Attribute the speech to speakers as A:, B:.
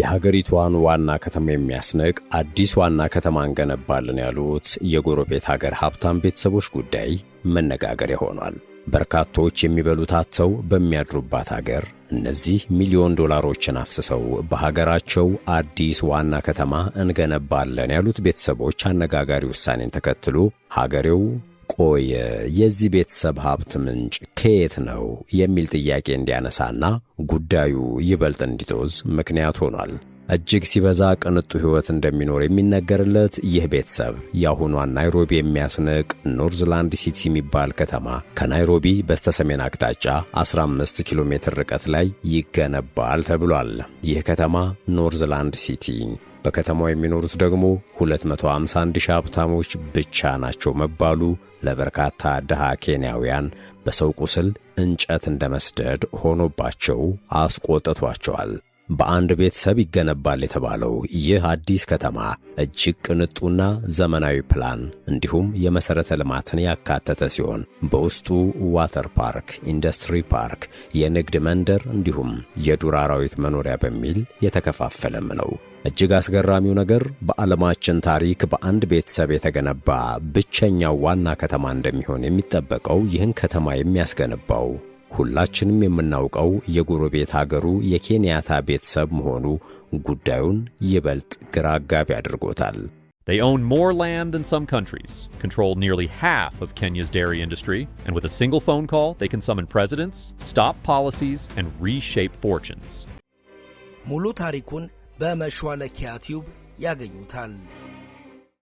A: የሀገሪቷን ዋና ከተማ የሚያስንቅ አዲስ ዋና ከተማ እንገነባለን ያሉት የጎረቤት ሀገር ሀብታም ቤተሰቦች ጉዳይ መነጋገሪያ ሆኗል። በርካቶች የሚበሉት አጥተው በሚያድሩባት ሀገር እነዚህ ሚሊዮን ዶላሮችን አፍስሰው በሀገራቸው አዲስ ዋና ከተማ እንገነባለን ያሉት ቤተሰቦች አነጋጋሪ ውሳኔን ተከትሎ ሀገሬው ቆየ የዚህ ቤተሰብ ሀብት ምንጭ ከየት ነው የሚል ጥያቄ እንዲያነሳና ጉዳዩ ይበልጥ እንዲጦዝ ምክንያት ሆኗል። እጅግ ሲበዛ ቅንጡ ሕይወት እንደሚኖር የሚነገርለት ይህ ቤተሰብ የአሁኗን ናይሮቢ የሚያስንቅ ኖርዝላንድ ሲቲ የሚባል ከተማ ከናይሮቢ በስተሰሜን አቅጣጫ 15 ኪሎ ሜትር ርቀት ላይ ይገነባል ተብሏል። ይህ ከተማ ኖርዝላንድ ሲቲ በከተማው የሚኖሩት ደግሞ 251 ሺህ ሀብታሞች ብቻ ናቸው መባሉ ለበርካታ ድሃ ኬንያውያን በሰው ቁስል እንጨት እንደ መስደድ ሆኖባቸው አስቆጥቷቸዋል። በአንድ ቤተሰብ ይገነባል የተባለው ይህ አዲስ ከተማ እጅግ ቅንጡና ዘመናዊ ፕላን እንዲሁም የመሠረተ ልማትን ያካተተ ሲሆን በውስጡ ዋተር ፓርክ፣ ኢንዱስትሪ ፓርክ፣ የንግድ መንደር እንዲሁም የዱር አራዊት መኖሪያ በሚል የተከፋፈለም ነው። እጅግ አስገራሚው ነገር በዓለማችን ታሪክ በአንድ ቤተሰብ የተገነባ ብቸኛው ዋና ከተማ እንደሚሆን የሚጠበቀው ይህን ከተማ የሚያስገነባው ሁላችንም የምናውቀው የጎረቤት አገሩ የኬንያታ ቤተሰብ መሆኑ ጉዳዩን ይበልጥ ግራ አጋቢ አድርጎታል።
B: They own more land than some countries, control nearly half of Kenya's dairy industry, and with a single phone call, they can summon presidents, stop policies, and reshape fortunes. ሙሉ ታሪኩን በመሿለኪያ ቲዩብ ያገኙታል።